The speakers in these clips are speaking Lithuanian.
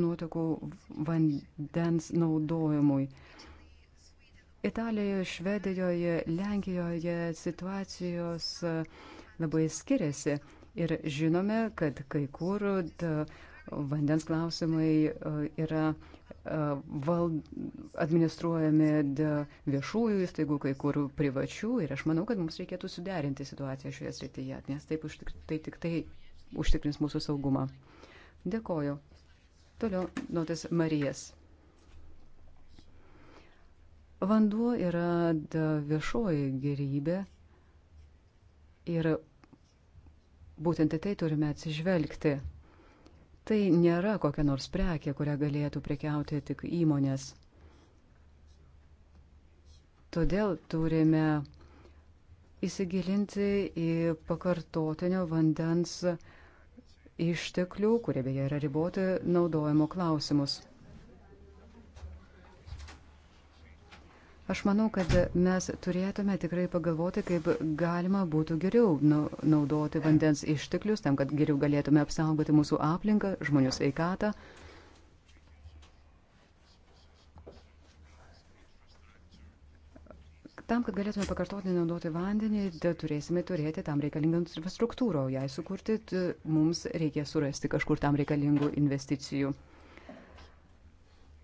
nuotekų vandens naudojimui. Italijoje, Švedijoje, Lenkijoje situacijos e, labai skiriasi ir žinome, kad kai kur e, vandens klausimai e, yra val, administruojami viešųjų įstaigų, kai kur privačių ir aš manau, kad mums reikėtų suderinti situaciją šioje srityje, nes taip užtik, tai tik tai užtikrins mūsų saugumą. Dėkoju. Toliau notis Marijas. Vanduo yra viešoji gerybė ir būtent į tai turime atsižvelgti. Tai nėra kokia nors prekė, kurią galėtų prekiauti tik įmonės. Todėl turime įsigilinti į pakartotinio vandens uh, išteklių, kurie beje yra riboti, naudojimo klausimus. Aš manau, kad mes turėtume tikrai pagalvoti, kaip galima būtų geriau naudoti vandens išteklius, tam, kad geriau galėtume apsaugoti mūsų aplinką, žmonių sveikatą. Tam, kad galėtume pakartotinai naudoti vandenį, turėsime turėti tam reikalingą infrastruktūrą, o jai sukurti mums reikės surasti kažkur tam reikalingų investicijų.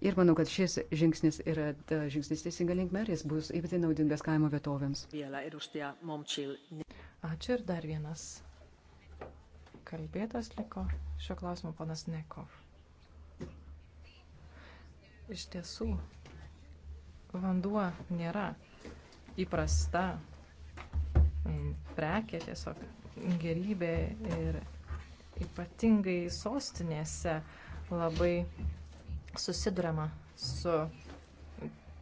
Ir manau, kad šis žingsnis yra da, žingsnis teisinga linkme ir jis bus ypatingai naudingas kaimo vietovėms. Ačiū ir dar vienas kalbėtas liko šio klausimo panas Nekov. Iš tiesų, vanduo nėra įprasta mm, prekė, tiesiog gerybė ir ypatingai sostinėse labai susidurama su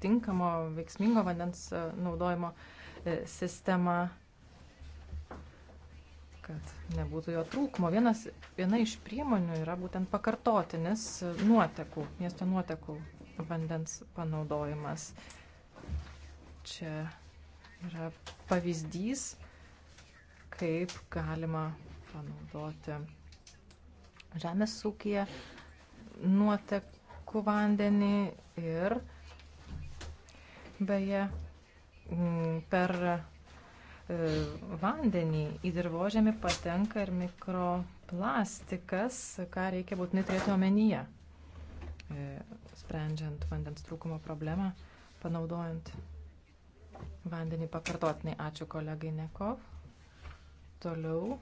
tinkamo, veiksmingo vandens e, naudojimo e, sistema, kad nebūtų jo trūkumo. Vienas, viena iš priemonių yra būtent pakartotinis nuotekų, miesto nuotekų vandens panaudojimas. Čia yra pavyzdys, kaip galima panaudoti žemės ūkiją nuotekų vandenį ir beje mm, per e, vandenį į dirbožėmį patenka ir mikroplastikas, ką reikia būtinai turėti omenyje, e, sprendžiant vandens trūkumo problemą, panaudojant vandenį pakartotinai. Ačiū kolegai Nekov. Toliau.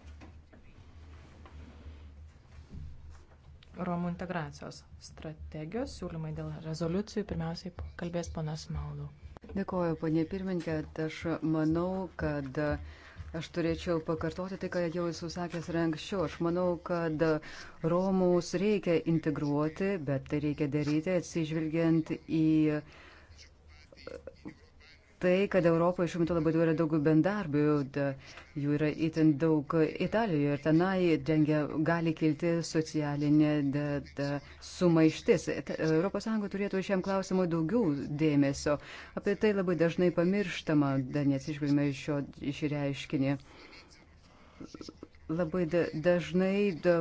Romų integracijos strategijos siūlymai dėl rezoliucijų. Pirmiausiai kalbės ponas Maudau. Dėkuoju, ponė pirmininkė. Aš manau, kad aš turėčiau pakartoti tai, ką jau esu sakęs ir anksčiau. Aš manau, kad Romus reikia integruoti, bet tai reikia daryti atsižvelgiant į tai, kad Europoje šiuo metu labai yra daug bendarbių, jų yra itin daug Italijoje ir tenai dengia, gali kilti socialinė da, da, sumaištis. ES turėtų šiam klausimui daugiau dėmesio. Apie tai labai dažnai pamirštama, da, nes išgalime šio išreiškinį. Labai da, dažnai da,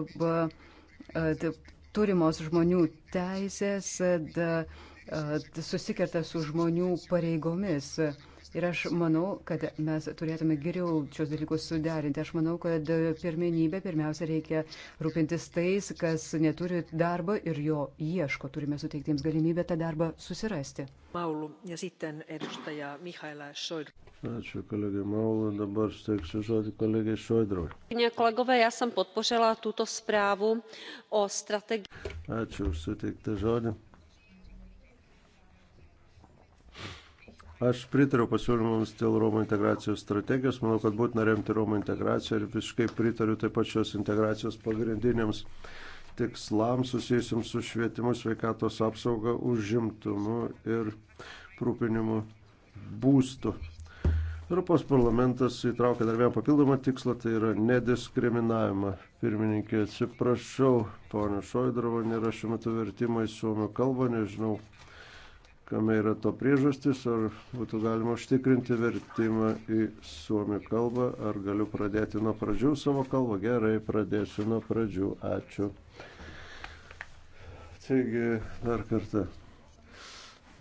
da, turimos žmonių teisės. Da, da E, susikerta su žmonių pareigomis. Ir aš manau, kad mes turėtume geriau šios dalykus suderinti. Aš manau, kad pirmenybė pirmiausia reikia rūpintis tais, kas neturi darbo ir jo ieško. Turime suteikti jiems galimybę tą darbą susirasti. Maulu, ja sitten edustaja Mihaela Šoidru. Ačiū, kolegė Maulu. Dabar steiksiu žodį kolegė Šoidru. Kolegove, ja sam podpořila tuto správu o strategii. Ačiū, suteiktą žodį. Aš pritariu pasiūlymams dėl Romų integracijos strategijos, manau, kad būtina remti Romų integraciją ir visiškai pritariu taip pat šios integracijos pagrindiniams tikslams susijusiams su švietimu, sveikatos apsauga, užimtumu ir rūpinimu būstu. Europos parlamentas įtraukė dar vieną papildomą tikslą, tai yra nediskriminavimą. Pirmininkė, atsiprašau, ponio Šoidrovo nėra šiuo metu vertimai suomio kalba, nežinau kame yra to priežastis, ar būtų galima užtikrinti vertimą į suomių kalbą, ar galiu pradėti nuo pradžių savo kalbą. Gerai, pradėsiu nuo pradžių. Ačiū. Taigi, dar kartą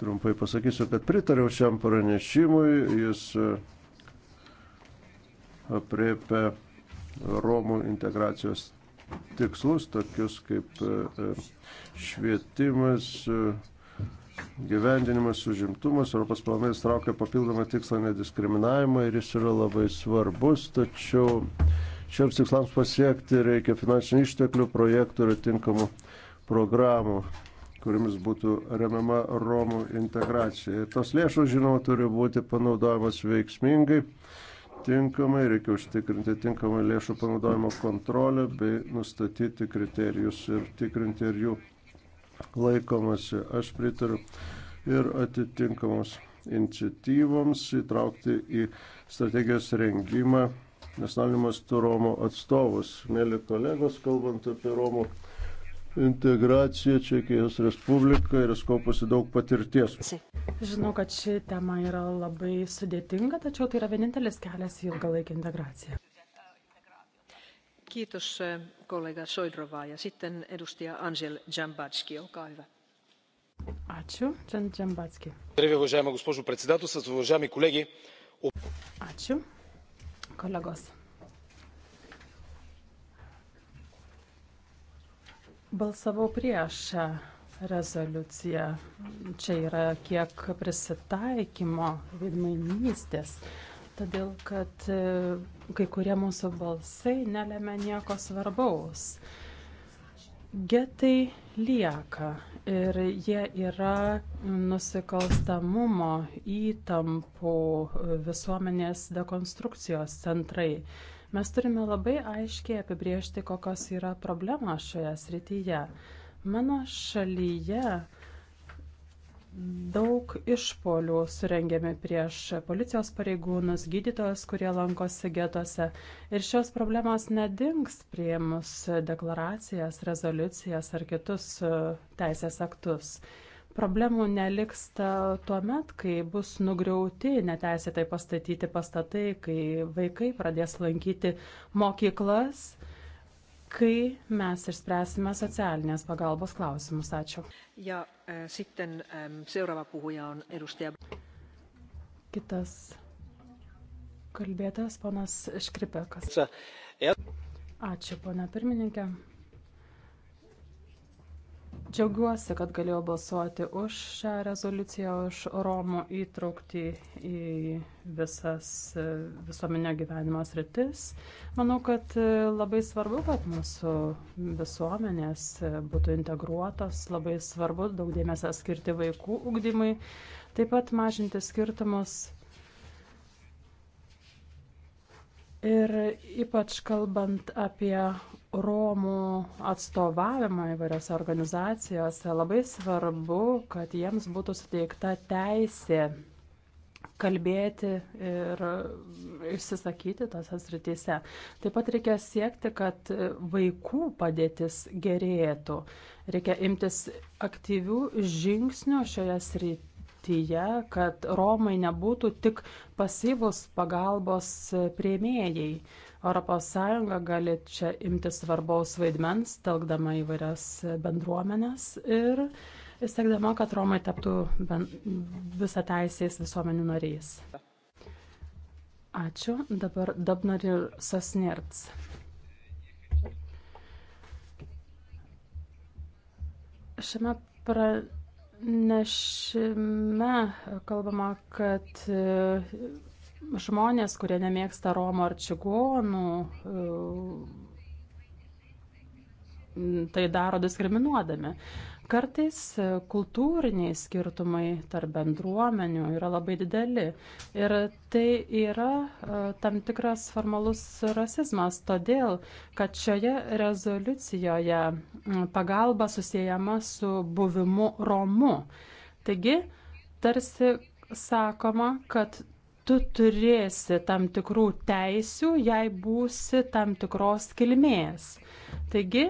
trumpai pasakysiu, kad pritariau šiam pranešimui. Jis e, apriepia Romų integracijos tikslus, tokius kaip e, e, švietimas, gyvendinimas, užimtumas. Europos parlamentas traukia papildomą tikslą nediskriminavimą ir jis yra labai svarbus, tačiau šiems tikslams pasiekti reikia finansinių išteklių, projektų ir tinkamų programų kuriamis būtų remiama Romų integracija. Ir tos lėšos, žinoma, turi būti panaudojamas veiksmingai tinkamai, reikia užtikrinti tinkamą lėšų panaudojimo kontrolę bei nustatyti kriterijus ir tikrinti, ar jų laikomasi. Aš pritariu ir atitinkamoms iniciatyvoms įtraukti į strategijos rengimą nacionalinių mastų Romų atstovus. Mėly kolegos, kalbant apie Romų integraciją Čekijos Respubliką ir skopusi daug patirties. Žinau, kad ši tema yra labai sudėtinga, tačiau tai yra vienintelis kelias į ilgalaikį integraciją. Kiitos eh, kollega Soidrova ja sitten edustaja Anžel Džambatski, olkaa hyvä. Ačiū, Džambatski. Здравия, уважаема госпожо председател, уважаеми колеги. Ačiū, kolegos. Balsavau prieš šią rezoliuciją. Čia yra kiek prisitaikymo veidmainystės todėl kad e, kai kurie mūsų balsai nelėmė nieko svarbaus. Getai lieka ir jie yra nusikalstamumo įtampų visuomenės dekonstrukcijos centrai. Mes turime labai aiškiai apibriežti, kokios yra problemos šioje srityje. Mano šalyje Daug išpolių surengėme prieš policijos pareigūnus, gydytojus, kurie lankosi getuose. Ir šios problemos nedings prieimus deklaracijas, rezoliucijas ar kitus e, teisės aktus. Problemų neliks tuo met, kai bus nugriauti neteisėtai pastatyti pastatai, kai vaikai pradės lankyti mokyklas kai mes išspręsime socialinės pagalbos klausimus. Ačiū. Ja, äh, sitten, ähm, seuraava puhuja on edustaja... Kitas kalbėtojas, ponas Škripekas. Ačiū, ponia pirmininkė. Džiaugiuosi, kad galėjau balsuoti už šią rezoliuciją, už Romų įtraukti į visas e, visuomenio gyvenimo sritis. Manau, kad e, labai svarbu, kad mūsų visuomenės e, būtų integruotos, labai svarbu daug dėmesio skirti vaikų ugdymui, taip pat mažinti skirtumus Ir ypač kalbant apie Romų atstovavimą įvairiose organizacijose, labai svarbu, kad jiems būtų suteikta teisė kalbėti ir išsisakyti tose srityse. Taip pat reikia siekti, kad vaikų padėtis gerėtų. Reikia imtis aktyvių žingsnių šioje srityje srityje, kad Romai nebūtų tik pasyvus pagalbos prieimėjai. ES gali čia imti svarbaus vaidmens, telkdama įvairias bendruomenės ir siekdama, kad Romai taptų visą teisės visuomenių nariais. Ačiū. Dabar Dabnar ir Sosnerts. Šiame pranešime kalbama, kad žmonės, kurie nemėgsta Romo ar čigonų, e, tai daro diskriminuodami. Kartais e, kultūriniai skirtumai tarp bendruomenių yra labai dideli ir tai yra e, tam tikras formalus rasizmas, todėl, kad šioje rezoliucijoje pagalba susijęma su buvimu Romu. Taigi, tarsi sakoma, kad tu turėsi tam tikrų teisių, jei būsi tam tikros kilmės. Taigi,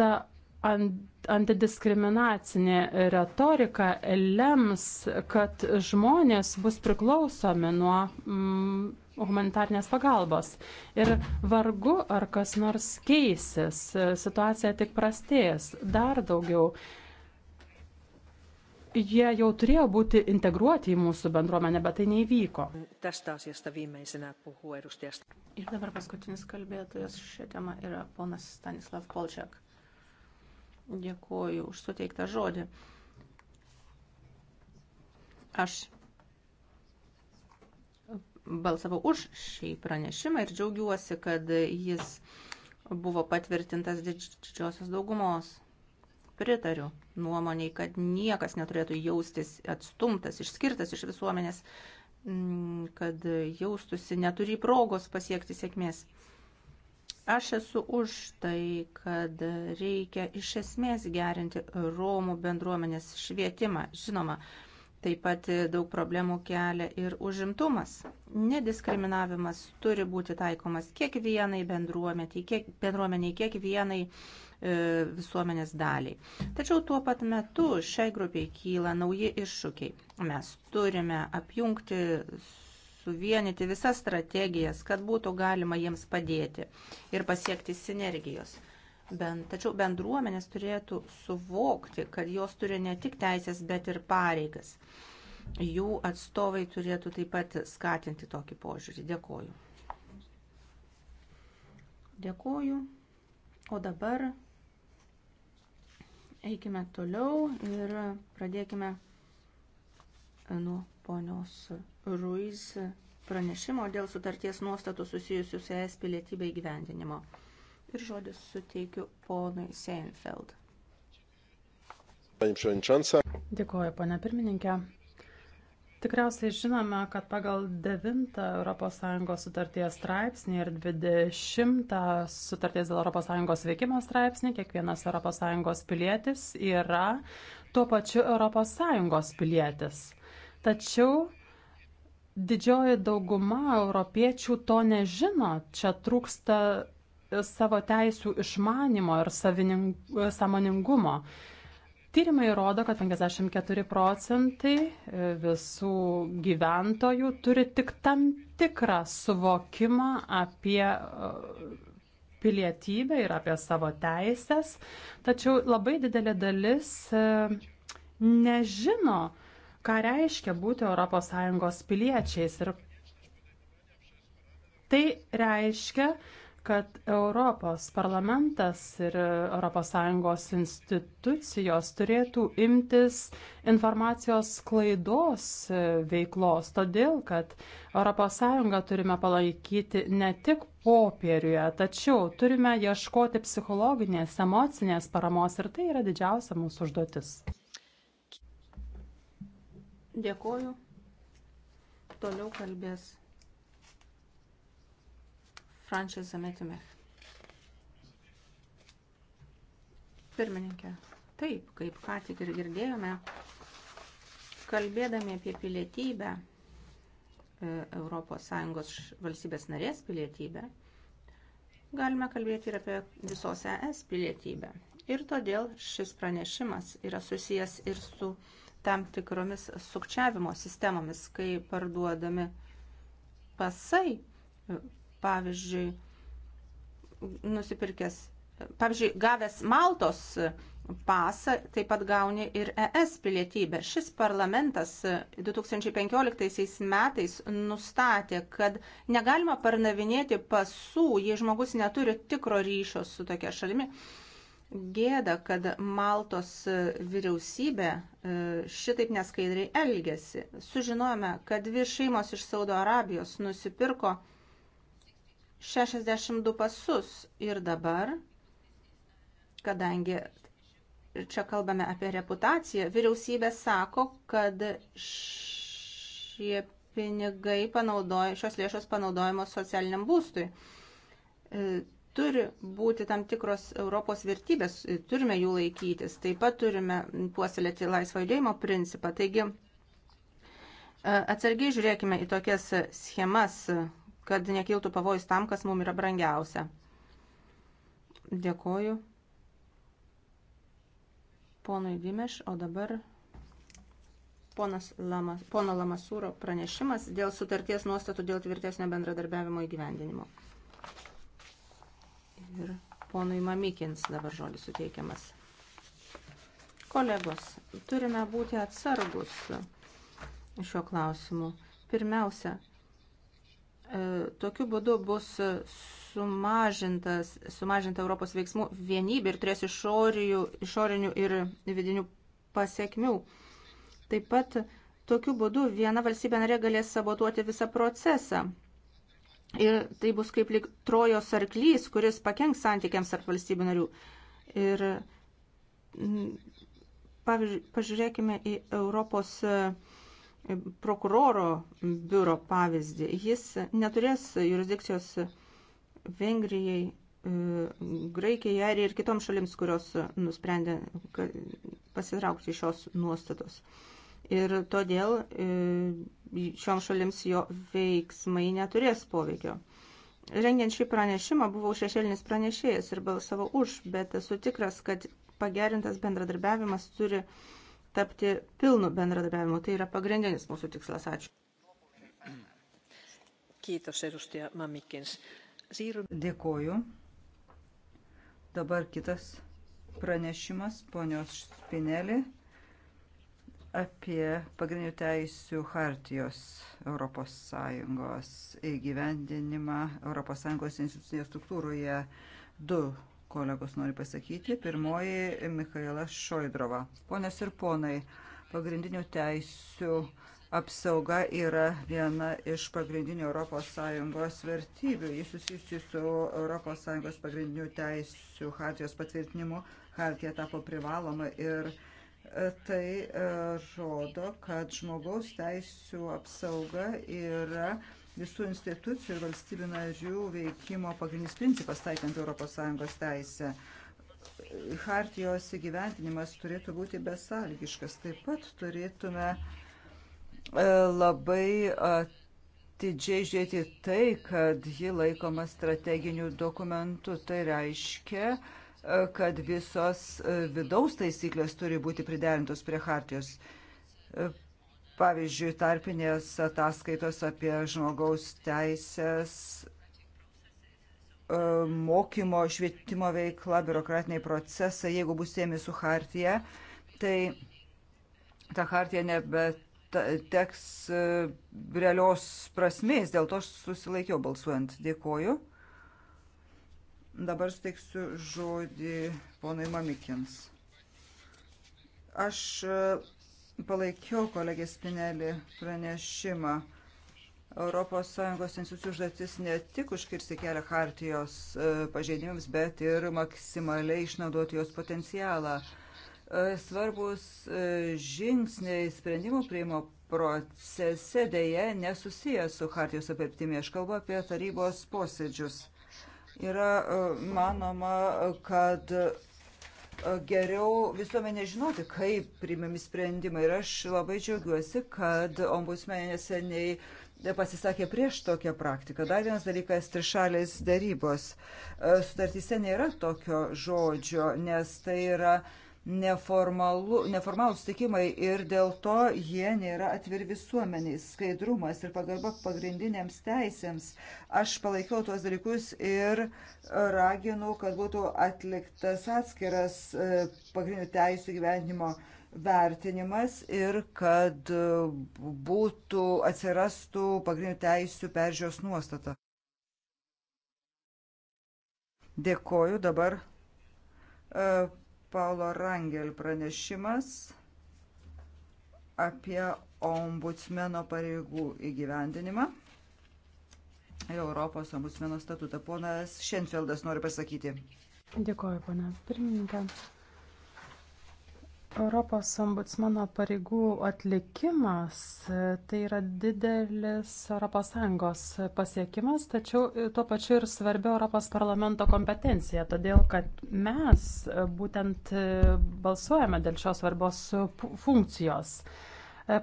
ta antidiskriminacinė retorika lems, kad žmonės bus priklausomi nuo mm, humanitarnės pagalbos. Ir vargu, ar kas nors keisis, situacija tik prastės. Dar daugiau, jie jau turėjo būti integruoti į mūsų bendruomenę, bet tai neįvyko. Ir dabar paskutinis kalbėtojas šią temą yra ponas Stanislav Polčiak. Dėkuoju už suteiktą žodį. Aš balsavau už šį pranešimą ir džiaugiuosi, kad jis buvo patvirtintas didžiosios daugumos pritariu nuomoniai, kad niekas neturėtų jaustis atstumtas, išskirtas iš visuomenės, mm, kad jaustusi neturi progos pasiekti sėkmės. Aš esu už tai, kad reikia iš esmės gerinti Romų bendruomenės švietimą. Žinoma, taip pat daug problemų kelia ir užimtumas. Nediskriminavimas turi būti taikomas kiekvienai bendruomeniai, kiek, bendruomeniai, kiekvienai E, visuomenės daliai. Tačiau tuo pat metu šiai grupiai kyla nauji iššūkiai. Mes turime apjungti suvienyti visas strategijas, kad būtų galima jiems padėti ir pasiekti sinergijos. Bent, tačiau bendruomenės turėtų suvokti, kad jos turi ne tik teisės, bet ir pareigas. Jų atstovai turėtų taip pat skatinti tokį požiūrį. Dėkoju. Dėkoju. O dabar Eikime toliau ir pradėkime nuo ponios Ruiz pranešimo dėl sutarties nuostatų susijusių su ES pilietybė įgyvendinimo. Ir žodis suteikiu ponui Seinfeld. Dėkuoju, ponia pirmininkė. Tikriausiai žinome, kad pagal 9 ES sutarties straipsnį ir 20 sutarties dėl ES veikimo straipsnį kiekvienas ES pilietis yra tuo pačiu ES pilietis. Tačiau didžioji dauguma europiečių to nežino, čia trūksta savo teisų išmanimo ir samoningumo. Tyrimai rodo, kad 54 procentai e, visų gyventojų turi tik tam tikrą suvokimą apie e, pilietybę ir apie savo teisės, tačiau labai didelė dalis e, nežino, ką reiškia būti ES piliečiais. Ir tai reiškia, kad Europos parlamentas ir ES institucijos turėtų imtis informacijos klaidos veiklos, todėl kad ES turime palaikyti ne tik popieriuje, tačiau turime ieškoti psichologinės, emocinės paramos ir tai yra didžiausia mūsų užduotis. Dėkoju. Toliau kalbės Frančias Zametimech. Pirmininkė, taip, kaip ką tik ir girdėjome, kalbėdami apie pilietybę, ES valstybės narės pilietybę, galime kalbėti ir apie visos ES pilietybę. Ir todėl šis pranešimas yra susijęs ir su tam tikromis sukčiavimo sistemomis, kai parduodami pasai pavyzdžiui, nusipirkęs, pavyzdžiui, gavęs Maltos pasą, taip pat gauni ir ES pilietybę. Šis parlamentas 2015 metais nustatė, kad negalima parnavinėti pasų, jei žmogus neturi tikro ryšio su tokia šalimi. Gėda, kad Maltos vyriausybė e, šitaip neskaidriai elgėsi. Sužinojome, kad dvi šeimos iš Saudo Arabijos nusipirko 62 pasus ir dabar, kadangi čia kalbame apie reputaciją, vyriausybė sako, kad šie pinigai panaudoja, šios lėšos panaudojamos socialiniam būstui. E, turi būti tam tikros Europos vertybės, e, turime jų laikytis. Taip pat turime puoselėti laisvo judėjimo principą. Taigi, e, atsargiai žiūrėkime į tokias schemas, kad nekiltų pavojus tam, kas mums yra brangiausia. Dėkoju ponui Dimeš, o dabar ponas Lamas, pono Lamasūro pranešimas dėl sutarties nuostatų dėl tvirtesnio bendradarbiavimo įgyvendinimo. Ir ponui Mamikins dabar žodis suteikiamas. Kolegos, turime būti atsargus šiuo klausimu. Pirmiausia, E, tokiu būdu bus sumažintas, sumažinta Europos veiksmų vienybė ir turės išorių, išorinių ir vidinių pasiekmių. Taip pat tokiu būdu viena valstybė narė galės sabotuoti visą procesą. Ir tai bus kaip lik trojos arklys, kuris pakenks santykiams tarp valstybių narių. Ir pavyzdžiui, pažiūrėkime į Europos uh, prokuroro biuro pavyzdį. Jis neturės jurisdikcijos Vengrijai, Graikijai, Airijai ir kitoms šalims, kurios nusprendė pasitraukti šios nuostatos. Ir todėl e, šioms šalims jo veiksmai neturės poveikio. Rengiant šį pranešimą buvau šešėlinis pranešėjas ir balsavau už, bet esu tikras, kad pagerintas bendradarbiavimas turi uh, tapti pilnu bendradarbiavimu. Tai yra pagrindinis mūsų tikslas. Ačiū. Kiitos, edustaja Mamikins. Siirry... Dėkoju. Dabar kitas pranešimas, ponios Spinelį, apie pagrindinių teisių hartijos ES įgyvendinimą ES institucinėje struktūroje. Du kolegos nori pasakyti. Pirmoji Mikhaila Šoidrova. Ponios ir ponai, pagrindinių teisių apsauga yra viena iš pagrindinių ES vertybių. Jis susijusi su ES pagrindinių teisių hartijos patvirtinimu. Hartija tapo privaloma ir e, tai e, rodo, kad žmogaus teisų apsauga yra visų institucijų ir valstybių narių veikimo pagrindinis principas taikant ES teisę. Hartijos įgyventinimas turėtų būti besalgiškas. Taip pat turėtume e, labai atidžiai žiūrėti tai, kad ji laikoma strateginiu dokumentu. Tai reiškia, e, kad visos e, vidaus taisyklės turi būti priderintos prie Hartijos. Pavyzdžiui, tarpinės ataskaitos apie žmogaus teisės, e, mokymo, švietimo veikla, biurokratiniai procesai, jeigu bus siemi su hartija, tai ta hartija nebet teks e, realios prasmės, dėl to aš susilaikiau balsuojant. Dėkoju. Dabar suteiksiu žodį ponai Mamikins. Aš palaikiau kolegės Pinelį pranešimą. ES institucijų užduotis ne tik užkirsti kelią hartijos e, pažeidimams, bet ir maksimaliai išnaudoti jos potencialą. E, svarbus e, žingsniai sprendimų prieimo procese dėje nesusijęs su hartijos apiptimi. Aš kalbu apie tarybos posėdžius. Yra manoma, kad geriau visuomenė žinoti, kaip priimami sprendimai. Ir aš labai džiaugiuosi, kad ombudsmenė neseniai pasisakė prieš tokią praktiką. Dar vienas dalykas - trišalės darybos. Sutartyse nėra tokio žodžio, nes tai yra uh, neformalūs tikimai ir dėl to jie nėra atviri visuomeniai. Skaidrumas ir pagarba pagrindiniams teisėms. Aš palaikiau tuos dalykus ir raginu, kad būtų atliktas atskiras e, pagrindinių teisų gyvenimo vertinimas ir kad e, būtų atsirastų pagrindinių teisų peržiūros nuostata. Dėkoju dabar. Uh, Paulo Rangel pranešimas apie ombudsmeno pareigų įgyvendinimą. Europos ombudsmeno statutą. Ponas Šenfeldas nori pasakyti. Dėkoju, pana pirmininkė. Europos ombudsmano pareigų atlikimas tai yra didelis ES pasiekimas, tačiau tuo pačiu ir svarbi Europos parlamento kompetencija, todėl kad mes būtent balsuojame dėl šios svarbios funkcijos.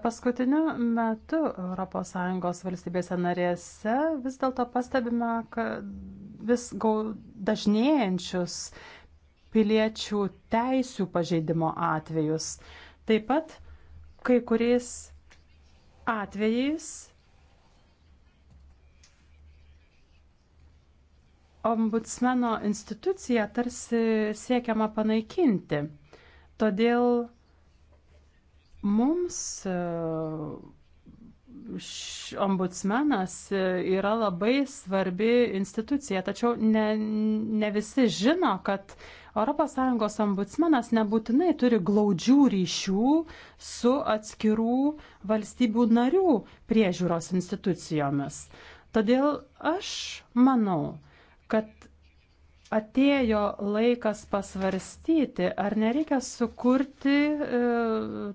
Paskutiniu metu ES valstybėse narėse vis dėlto pastebime, kad vis dažnėjančius piliečių teisių pažeidimo atvejus. Taip pat kai kuriais atvejais ombudsmeno instituciją tarsi siekiama panaikinti. Todėl mums e, ombudsmenas e, yra labai svarbi institucija, tačiau ne, ne visi žino, kad uh, ES ombudsmenas nebūtinai turi glaudžių ryšių su atskirų valstybių narių priežiūros institucijomis. Todėl aš manau, kad atėjo laikas pasvarstyti, ar nereikia sukurti e,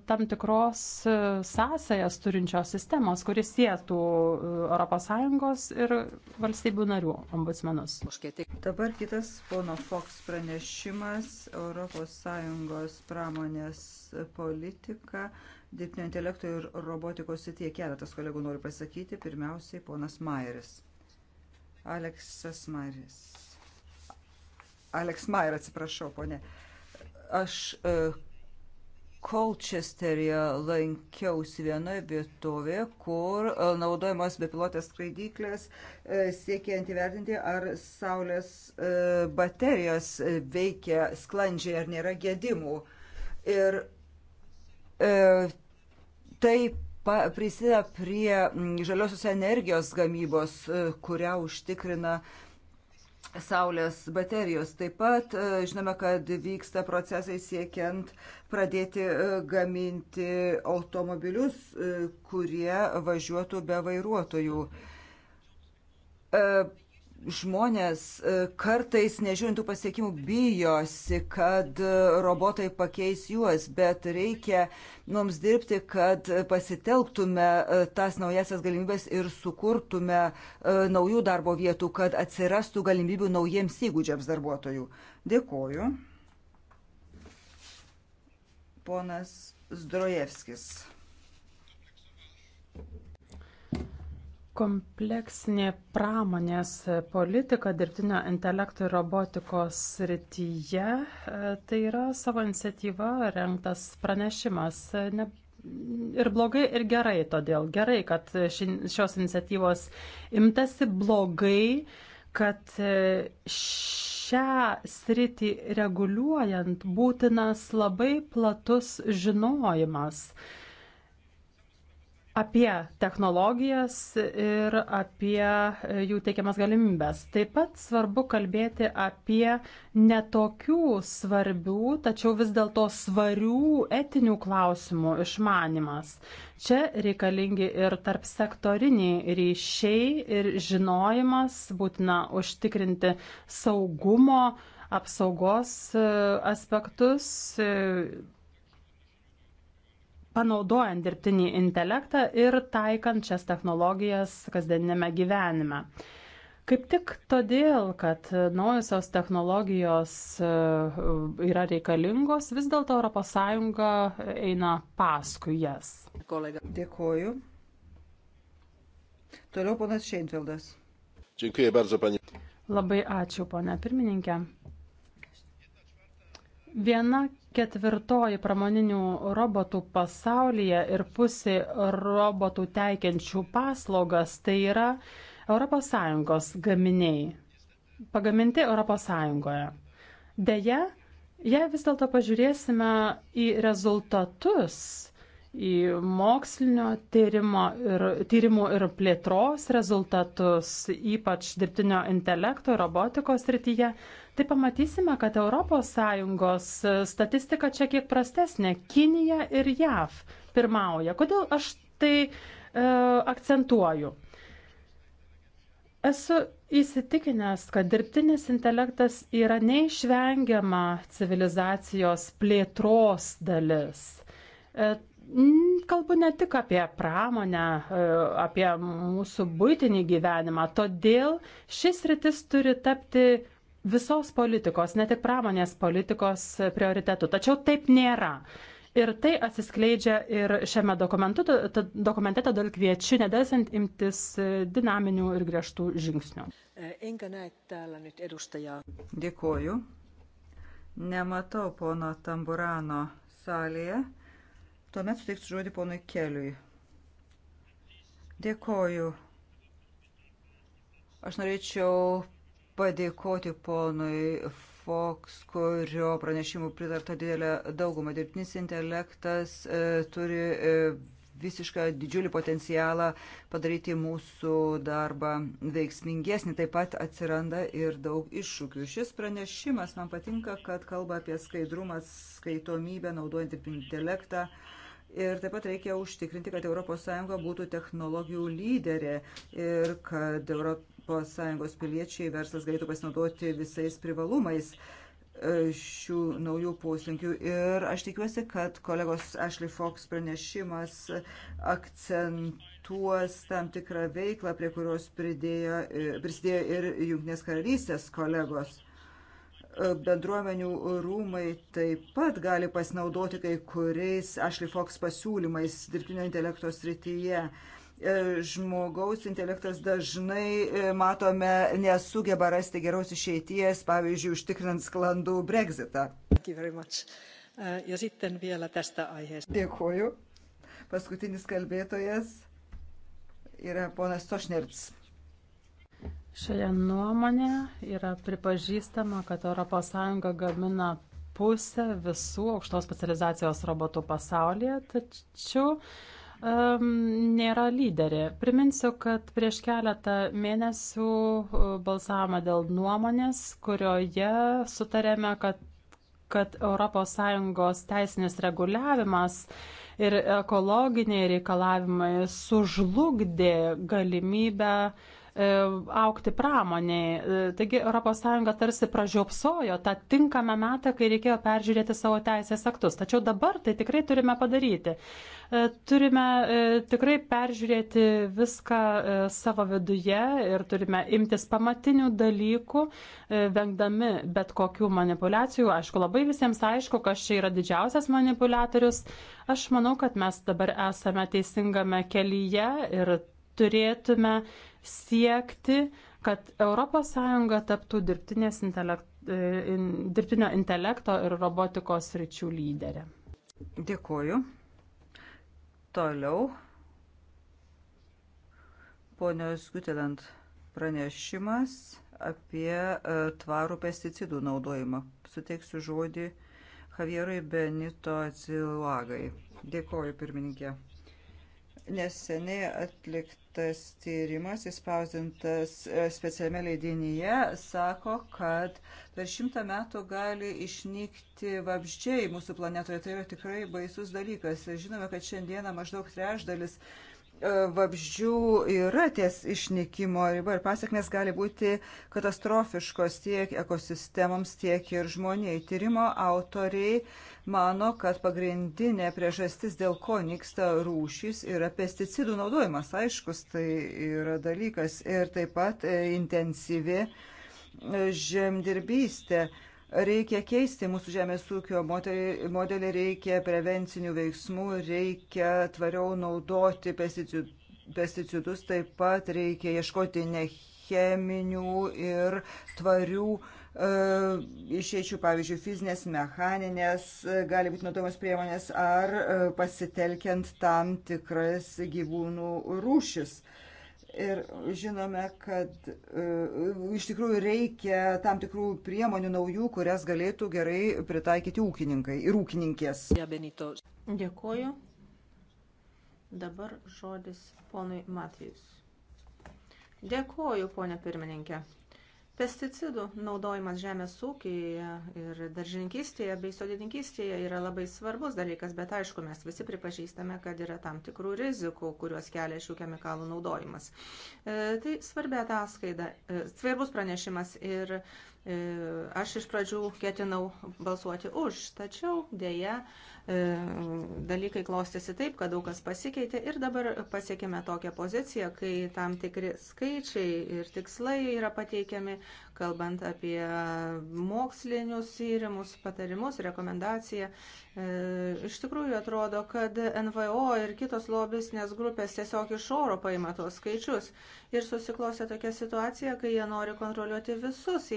tam tikros e, sąsajas turinčios sistemos, kuris sėtų ES ir valstybių narių ombudsmenus. Dabar kitas pono Fox pranešimas ES pramonės politika, dirbtinio intelekto ir robotikos sitie. Keletas kolegų nori pasakyti. Pirmiausiai ponas Mairis. Aleksas Mairis. Alex Mayer, atsiprašau, ponė. Aš Kolčesteryje e, lankiausi vienoje vietovėje, kur e, naudojamos bepilotės skraidyklės e, siekiant įvertinti, ar saulės baterijos veikia sklandžiai, ar nėra gedimų. Ir e, tai prisideda prie žaliosios energijos gamybos, kurią užtikrina e, saulės baterijos. Taip pat e, žinome, kad vyksta procesai siekiant pradėti e, gaminti automobilius, e, kurie važiuotų be vairuotojų žmonės e, kartais, nežiūrintų pasiekimų, bijosi, kad e, robotai pakeis juos, bet reikia mums dirbti, kad pasitelktume e, tas naujasias galimybės ir sukurtume naujų darbo vietų, kad atsirastų galimybių naujiems įgūdžiams darbuotojų. Dėkoju. Ponas Zdrojevskis. Kompleksinė pramonės politika dirbtinio intelekto ir robotikos srityje e, tai yra savo iniciatyva rengtas pranešimas. Ne, ir blogai, ir gerai, todėl gerai, kad ši, šios iniciatyvos imtasi blogai, kad e, šią sritį reguliuojant būtinas labai platus žinojimas. Uh, apie technologijas ir apie e, jų teikiamas galimybes. Taip pat svarbu kalbėti apie netokių svarbių, tačiau vis dėlto svarių etinių klausimų išmanimas. Čia reikalingi ir tarp sektoriniai ryšiai ir žinojimas, būtina užtikrinti saugumo, apsaugos e, aspektus e, panaudojant dirbtinį intelektą ir taikant šias technologijas kasdieninėme gyvenime. Kaip tik todėl, kad naujosios technologijos e, yra reikalingos, vis dėlto ES eina paskui jas. Kolega. Dėkoju. Toliau ponas Šeinfeldas. Dziękuję bardzo, panie. Labai ačiū, ponia pirmininkė. Viena ketvirtoji pramoninių robotų pasaulyje ir pusė robotų teikiančių paslaugas tai yra ES gaminiai, pagaminti ES. Deja, jei vis dėlto pažiūrėsime į rezultatus, į mokslinio tyrimo ir, tyrimų ir plėtros rezultatus, ypač dirbtinio intelekto ir robotikos srityje, tai pamatysime, kad ES statistika čia kiek prastesnė. Kinija ir JAV pirmauja. Kodėl aš tai e, akcentuoju? Esu įsitikinęs, kad dirbtinis intelektas yra neišvengiama civilizacijos plėtros dalis. E, Mm, kalbu ne tik apie pramonę, e, apie mūsų būtinį gyvenimą, todėl šis rytis turi tapti visos politikos, ne tik pramonės politikos prioritetu. Tačiau taip nėra. Ir tai atsiskleidžia ir šiame dokumente, todėl kviečiu nedelsant imtis dinaminių ir griežtų žingsnių. E, Dėkoju. Nematau pono Tamburano salėje. Tuomet suteiksiu žodį ponui Keliui. Dėkoju. Aš norėčiau padėkoti ponui Fox, kurio pranešimų pritarta didelė dauguma. Dirbtinis intelektas e, turi e, visišką didžiulį potencialą padaryti mūsų darbą veiksmingesnį. Taip pat atsiranda ir daug iššūkių. Šis pranešimas man patinka, kad kalba apie skaidrumą, skaitomybę, naudojant dirbtinį intelektą. E, Ir taip pat reikia užtikrinti, kad ES būtų technologijų lyderė ir kad ES piliečiai verslas galėtų pasinaudoti visais privalumais e, šių naujų poslinkių. Ir aš tikiuosi, kad kolegos Ashley Fox pranešimas akcentuos tam tikrą veiklą, prie kurios pridėjo, e, prisidėjo ir Junknės karalystės kolegos bendruomenių rūmai taip pat gali pasinaudoti kai kuriais Ashley Fox pasiūlymais dirbtinio intelekto srityje. E, žmogaus intelektas dažnai, e, matome, nesugeba rasti geros išeities, pavyzdžiui, užtikrint sklandų Brexitą. E, Dėkuoju. Paskutinis kalbėtojas yra ponas Tošnerts. Šioje nuomonėje yra pripažįstama, kad ES gamina pusę visų aukštos specializacijos robotų pasaulyje, tačiau um, nėra lyderė. Priminsiu, kad prieš keletą mėnesių e, balsavome dėl nuomonės, kurioje sutarėme, kad, kad ES teisinis reguliavimas ir ekologiniai reikalavimai sužlugdė galimybę uh, E, aukti pramoniai. E, taigi ES tarsi pražiopsojo tą tinkamą metą, kai reikėjo peržiūrėti savo teisės aktus. Tačiau dabar tai tikrai turime padaryti. E, turime tikrai peržiūrėti viską savo viduje ir turime imtis pamatinių dalykų, vengdami bet kokių manipulacijų. Aišku, labai visiems aišku, kas čia yra didžiausias manipuliatorius. Aš manau, kad mes dabar esame teisingame kelyje ir turėtume siekti, kad ES taptų intelekt, e, dirbtinio intelekto ir robotikos ryčių lyderė. Dėkuoju. Toliau. Ponios Gutelant pranešimas apie e, tvarų pesticidų naudojimą. Suteiksiu žodį Javierui Benito Atsiluagai. Dėkoju, pirmininkė. Neseniai atliktas tyrimas, įspausdintas e, specialiame leidinyje, sako, kad per šimtą metų gali išnykti vabzdžiai mūsų planetoje. Tai yra tikrai baisus dalykas. Žinome, kad šiandieną maždaug trešdalis E, vabzdžių yra ties išnykimo riba ir pasiekmes gali būti katastrofiškos tiek ekosistemoms, tiek ir žmoniai. Tyrimo autoriai mano, kad pagrindinė priežastis, dėl ko nyksta rūšys, yra pesticidų naudojimas. Aiškus, tai yra dalykas ir taip pat e, intensyvi e, žemdirbystė. E, Reikia keisti mūsų žemės ūkio modelį, reikia prevencinių veiksmų, reikia tvariau naudoti pesticidus, taip pat reikia ieškoti ne cheminių ir tvarių e, išėčių, pavyzdžiui, fizinės, mechaninės, e, gali būti naudojamos priemonės ar e, pasitelkiant tam tikras gyvūnų rūšis. E, Ir žinome, kad e, iš tikrųjų reikia tam tikrų priemonių naujų, kurias galėtų gerai pritaikyti ūkininkai ir ūkininkės. Dėkuoju. Dabar žodis ponui Matijus. Dėkuoju, ponė pirmininkė. Pesticidų naudojimas žemės ūkyje ir daržininkystėje bei sodininkystėje yra labai svarbus dalykas, bet aišku, mes visi pripažįstame, kad yra tam tikrų rizikų, kuriuos kelia šių chemikalų naudojimas. E, tai svarbia ataskaida, e, svarbus pranešimas ir e, aš iš pradžių ketinau balsuoti už, tačiau dėja. E, E, dalykai klostėsi taip, kad daug kas pasikeitė ir dabar pasiekime tokią poziciją, kai tam tikri skaičiai ir tikslai yra pateikiami, kalbant apie mokslinius tyrimus, patarimus, rekomendaciją. E, iš tikrųjų atrodo, kad NVO ir kitos lobisnės grupės tiesiog iš oro paima tos skaičius ir susiklostė tokia situacija, kai jie nori kontroliuoti visus,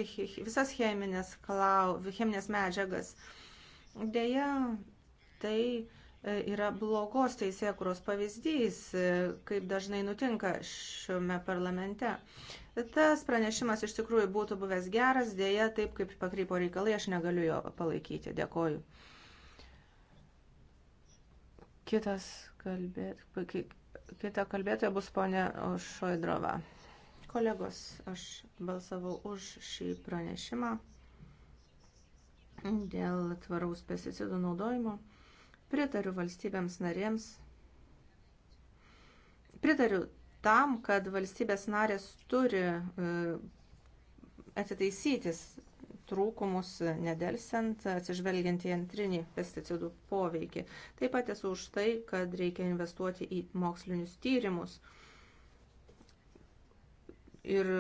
visas cheminės, klau, cheminės medžiagas. Deja, tai e, yra blogos teisėkuros pavyzdys, e, kaip dažnai nutinka šiame parlamente. Tas pranešimas iš tikrųjų būtų buvęs geras, dėja, taip kaip pakrypo reikalai, aš negaliu jo palaikyti. Dėkoju. Kitas kalbėt, kita kalbėtoja bus ponė Šoidrova. Kolegos, aš balsavau už šį pranešimą dėl tvaraus pesticidų naudojimo. Pritariu valstybėms narėms. Pritariu tam, kad valstybės narės turi e, atitaisytis trūkumus nedelsiant, atsižvelgiant į antrinį pesticidų poveikį. Taip pat esu už tai, kad reikia investuoti į mokslinius tyrimus ir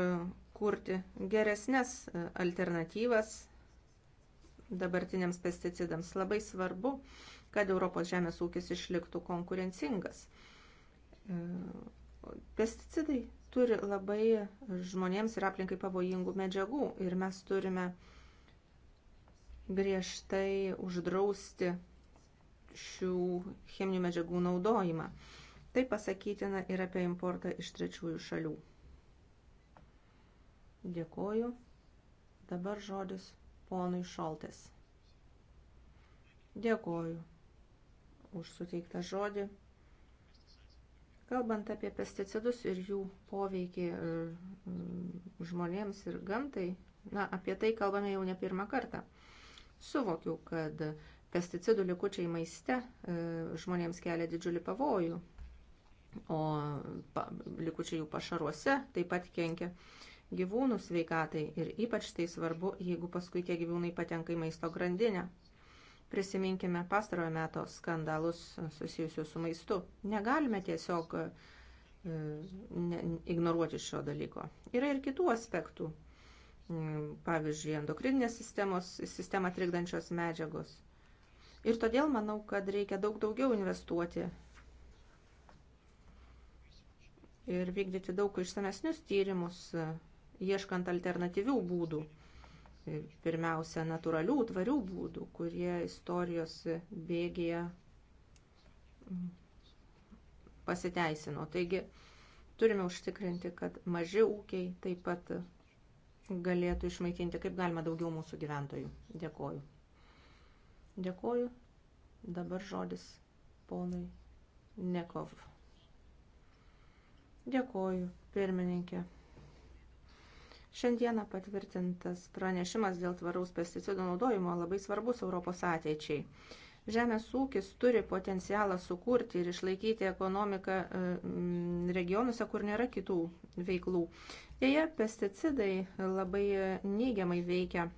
kurti geresnės e, alternatyvas dabartiniams pesticidams. Labai svarbu, kad Europos žemės ūkis išliktų konkurencingas. E, pesticidai turi labai žmonėms ir aplinkai pavojingų medžiagų ir mes turime griežtai uždrausti šių cheminių medžiagų naudojimą. Tai pasakytina ir apie importą iš trečiųjų šalių. Dėkoju. Dabar žodis ponui Šoltės. Dėkoju už suteiktą žodį. Kalbant apie pesticidus ir jų poveikį e, žmonėms ir gamtai, na, apie tai kalbame jau ne pirmą kartą. Suvokiu, kad pesticidų likučiai maiste e, žmonėms kelia didžiulį pavojų, o pa, likučiai jų pašaruose taip pat kenkia gyvūnų sveikatai ir ypač tai svarbu, jeigu paskui tie gyvūnai patenka į maisto grandinę. Prisiminkime pastarojo meto skandalus susijusius su maistu. Negalime tiesiog e, ignoruoti šio dalyko. Yra ir kitų aspektų. Mm, pavyzdžiui, endokrininės sistemos, sistemą trikdančios medžiagos. Ir todėl manau, kad reikia daug daugiau investuoti ir vykdyti daug išsamesnius tyrimus, e, ieškant alternatyvių būdų pirmiausia, natūralių, tvarių būdų, kurie istorijos bėgėje pasiteisino. Taigi turime užtikrinti, kad maži ūkiai taip pat galėtų išmaitinti kaip galima daugiau mūsų gyventojų. Dėkoju. Dėkoju. Dabar žodis ponui Nekov. Dėkoju, pirmininkė. Šiandieną patvirtintas pranešimas dėl tvaraus pesticidų naudojimo labai svarbus Europos ateičiai. Žemės ūkis turi potencialą sukurti ir išlaikyti ekonomiką e, regionuose, kur nėra kitų veiklų. Deja, pesticidai labai e, neigiamai veikia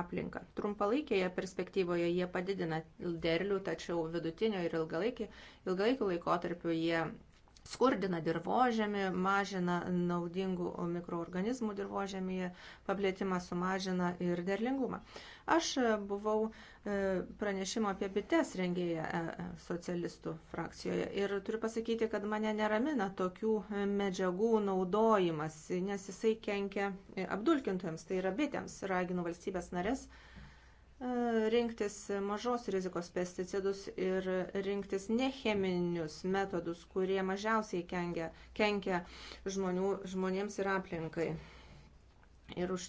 aplinką. Trumpalaikėje perspektyvoje jie padidina derlių, tačiau vidutinio ir ilgalaikį, ilgalaikį laikotarpiu jie skurdina dirbožėmį, mažina naudingų mikroorganizmų dirbožėmėje, paplėtimą sumažina ir derlingumą. Aš buvau e, pranešimo apie bites rengėję e, e, socialistų frakcijoje ir turiu pasakyti, kad mane neramina tokių medžiagų naudojimas, nes jisai kenkia apdulkintojams, tai yra bitėms. Raginu valstybės narės rinktis mažos rizikos pesticidus ir rinktis necheminius metodus, kurie mažiausiai kenkia, kenkia žmonių, žmonėms ir aplinkai. Ir už,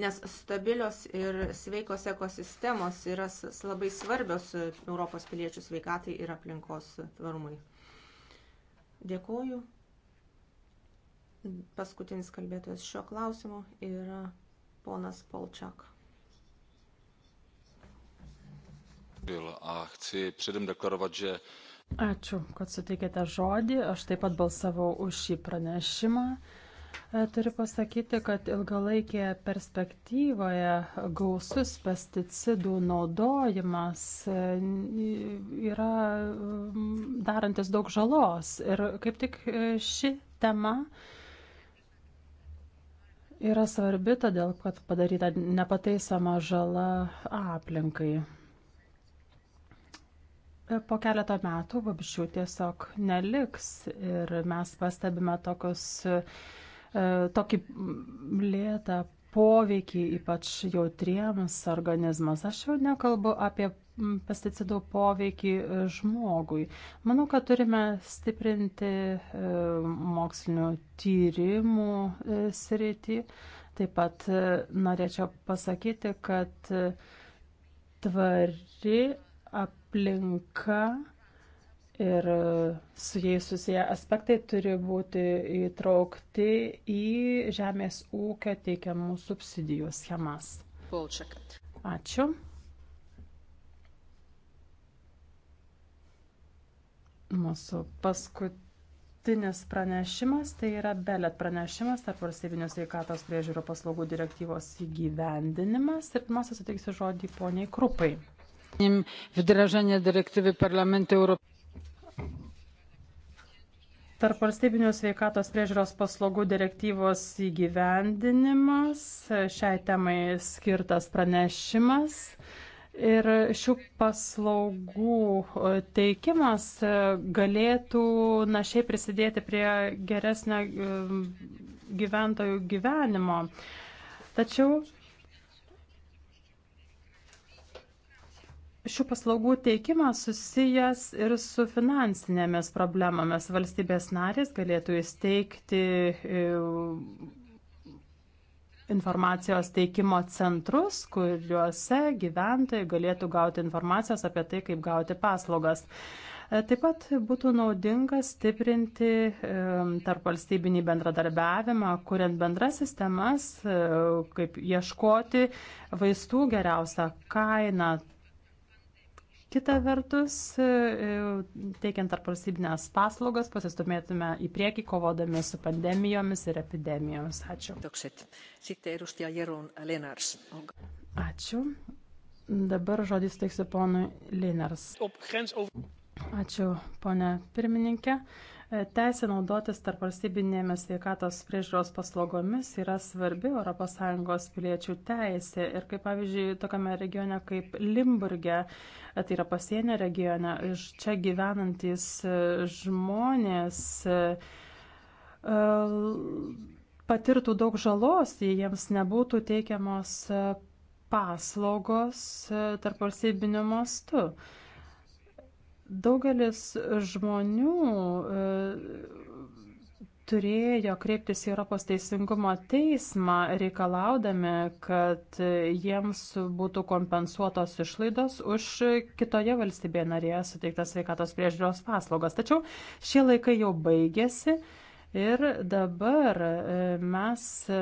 nes stabilios ir sveikos ekosistemos yra labai svarbios Europos piliečių sveikatai ir aplinkos tvarumui. Dėkoju. Paskutinis kalbėtojas šio klausimu yra ponas Polčiak. Ačiū, kad suteikėte žodį. Aš taip pat balsavau už šį pranešimą. E, turiu pasakyti, kad ilgalaikėje perspektyvoje gausus pesticidų naudojimas e, yra darantis daug žalos. Ir kaip tik e, ši tema yra svarbi, todėl kad padaryta nepataisama žala aplinkai po keletą metų vabzdžių tiesiog neliks ir mes pastebime tokius, e, tokį lėtą poveikį ypač jautriems organizmas. Aš jau nekalbu apie pesticidų poveikį e, žmogui. Manau, kad turime stiprinti e, mokslinio tyrimų sritį. Taip pat norėčiau pasakyti, kad tvari ap aplinka ir su jais susiję aspektai turi būti įtraukti į žemės ūkio teikiamų subsidijų schemas. Polčiak. Ačiū. Mūsų paskutinė paskutinis pranešimas tai yra belet pranešimas tarp valstybinės sveikatos priežiūro paslaugų direktyvos įgyvendinimas ir pirmiausia suteiksiu žodį poniai krupai Vdražanė direktyvi parlamentai Europos. Tarp valstybinių sveikatos priežiūros paslaugų direktyvos įgyvendinimas, šiai temai skirtas pranešimas ir šių paslaugų e, teikimas e, galėtų našiai prisidėti prie geresnio e, gyventojų gyvenimo. Tačiau šių paslaugų teikimas susijęs ir su finansinėmis problemomis. Valstybės narės galėtų įsteigti e, informacijos teikimo centrus, kuriuose gyventojai galėtų gauti informacijos apie tai, kaip gauti paslaugas. E, taip pat būtų naudinga stiprinti e, tarp valstybinį bendradarbiavimą, kuriant bendras sistemas, kaip ieškoti vaistų geriausią kainą, Kita vertus, e, teikiant tarp valstybinės paslaugas, pasistumėtume į priekį kovodami su pandemijomis ir epidemijomis. Ačiū. Ačiū. Dabar žodis teiksiu ponui Liners. Ačiū, ponė pirmininkė. Teisė naudotis tarp valstybinėmis sveikatos priežiūros paslaugomis yra svarbi ES piliečių teisė. Ir kaip pavyzdžiui, tokiame regione kaip Limburgė, tai yra pasienio regione, iš čia gyvenantis e, žmonės e, e, patirtų daug žalos, jei jiems nebūtų teikiamos paslaugos tarp valstybinio mastu. Daugelis žmonių e, turėjo kreiptis į Europos teisingumo teismą reikalaudami, kad jiems būtų kompensuotos išlaidos už kitoje valstybėje narėje suteiktas sveikatos priežiūros paslaugas. Tačiau šie laikai jau baigėsi Ir dabar e, mes e,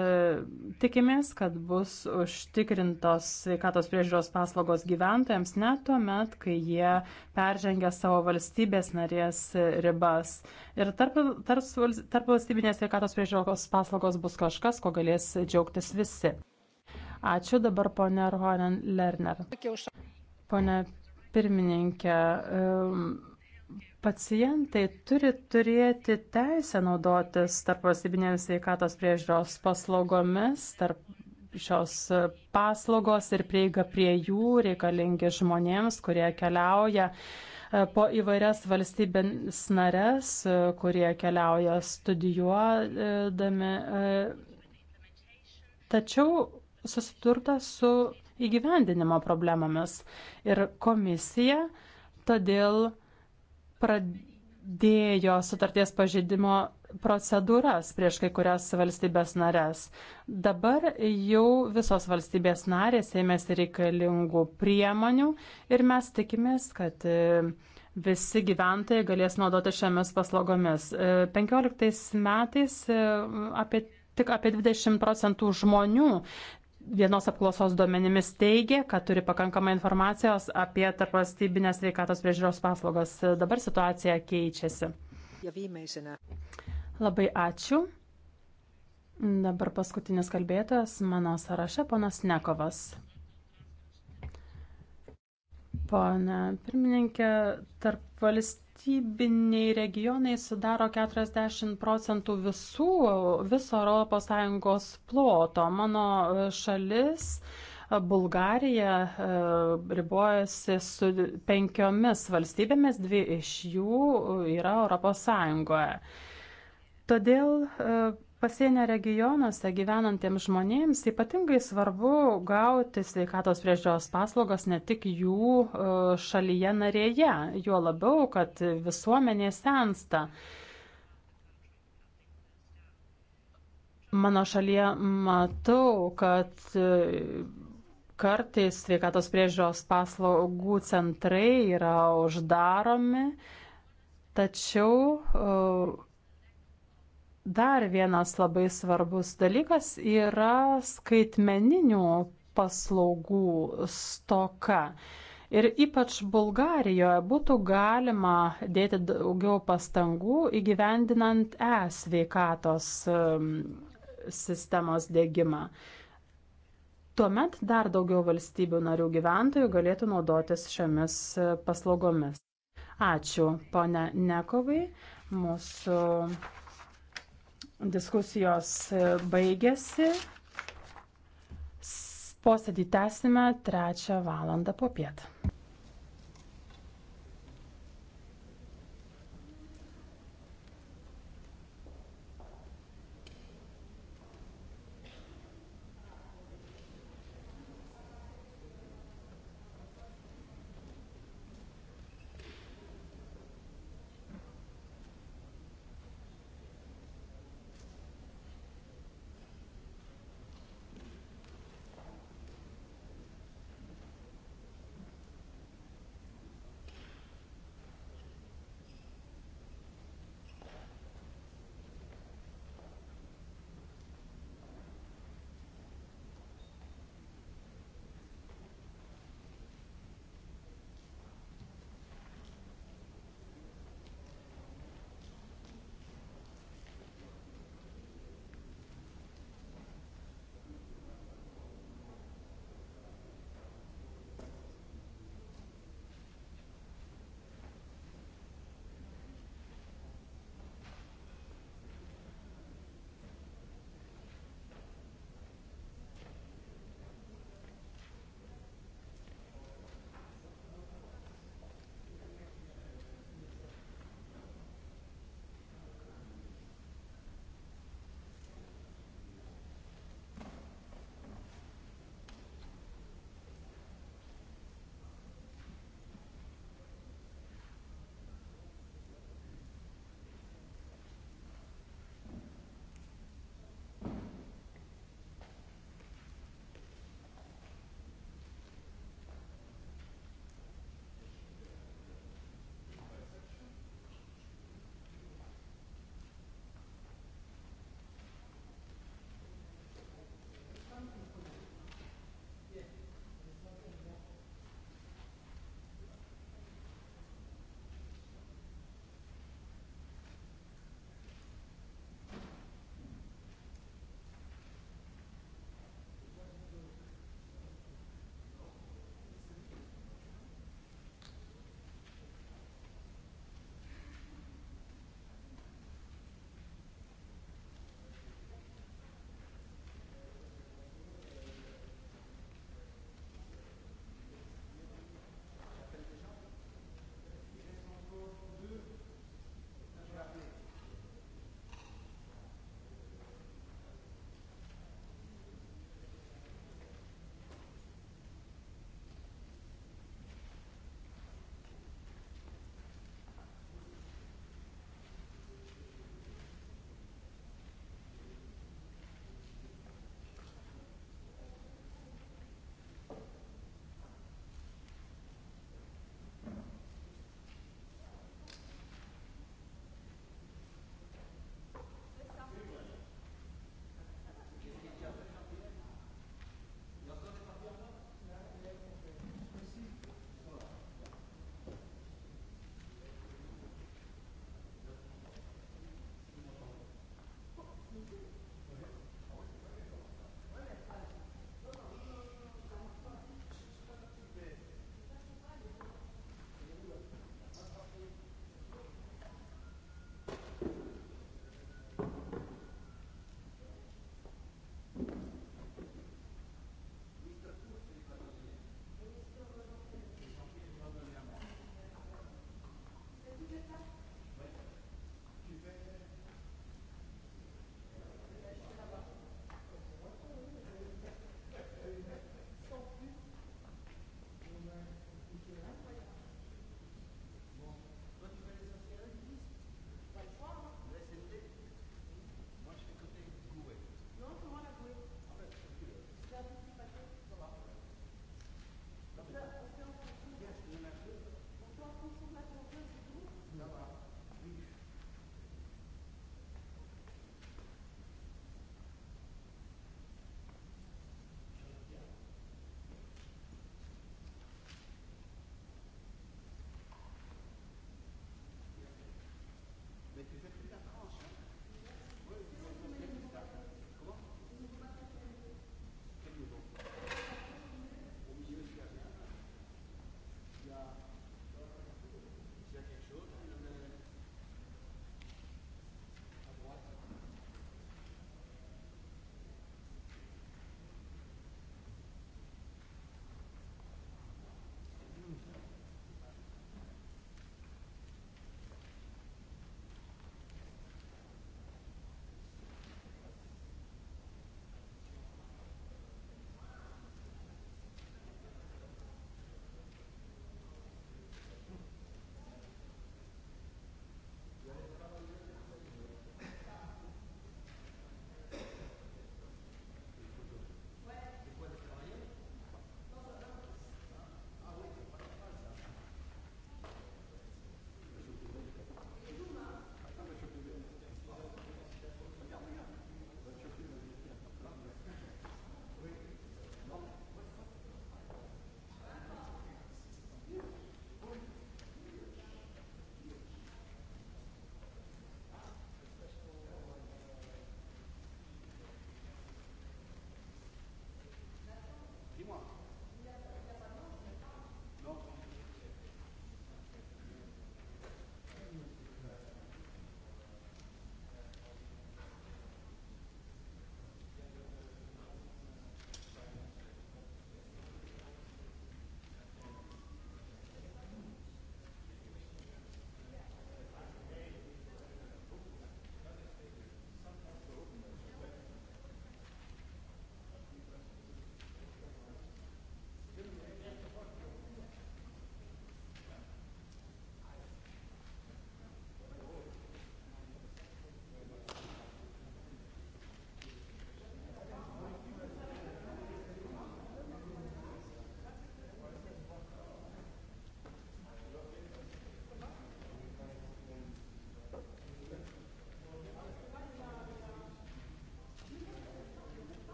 tikimės, kad bus užtikrintos sveikatos priežiūros paslaugos gyventojams net tuo met, kai jie peržengia savo valstybės narės ribas. Ir tarp, tarp, tarp valstybinės sveikatos priežiūros paslaugos bus kažkas, ko galės džiaugtis visi. Ačiū dabar ponia Rohanen Lerner. Pone pirmininkė. Um, Pacientai turi turėti teisę naudotis tarp valstybinėmis sveikatos priežiūros paslaugomis, tarp šios paslaugos ir prieiga prie jų reikalingi žmonėms, kurie keliauja e, po įvairias valstybės nares, e, kurie keliauja studijuodami. E, tačiau susidurta su įgyvendinimo problemomis ir komisija todėl pradėjo sutarties pažeidimo procedūras prieš kai kurias valstybės narės. Dabar jau visos valstybės narės ėmėsi reikalingų priemonių ir mes tikimės, kad e, visi gyventojai galės naudoti šiomis paslaugomis. 15 e, metais e, apie, tik apie 20 procentų žmonių vienos apklausos duomenimis teigia, kad turi pakankamai informacijos apie tarpvalstybinės sveikatos priežiūros paslaugas. Dabar situacija keičiasi. Ja viimeisenä. Labai ačiū. Dabar paskutinis kalbėtojas mano sąraše, ponas Nekovas. Pone pirmininkė, tarp valstybės valstybiniai regionai sudaro 40 procentų visų, viso ES ploto. Mano e, šalis e, Bulgarija e, ribojasi su penkiomis valstybėmis, dvi iš jų yra ES. Todėl Pasienio regionuose gyvenantiems žmonėms ypatingai svarbu gauti sveikatos priežiūros paslaugas ne tik jų e, šalyje narėje, juo labiau, kad visuomenė sensta. Mano šalyje matau, kad e, kartais sveikatos priežiūros paslaugų centrai yra uždaromi, tačiau e, Dar vienas labai svarbus dalykas yra skaitmeninių paslaugų stoka. Ir ypač Bulgarijoje būtų galima dėti daugiau pastangų įgyvendinant e-sveikatos sistemos dėgymą. Tuomet dar daugiau valstybių narių gyventojų galėtų naudotis šiomis e, paslaugomis. Ačiū, ponia Nekovai. Mūsų Diskusijos e, baigėsi. Posėdį tęsime trečią valandą po pietą.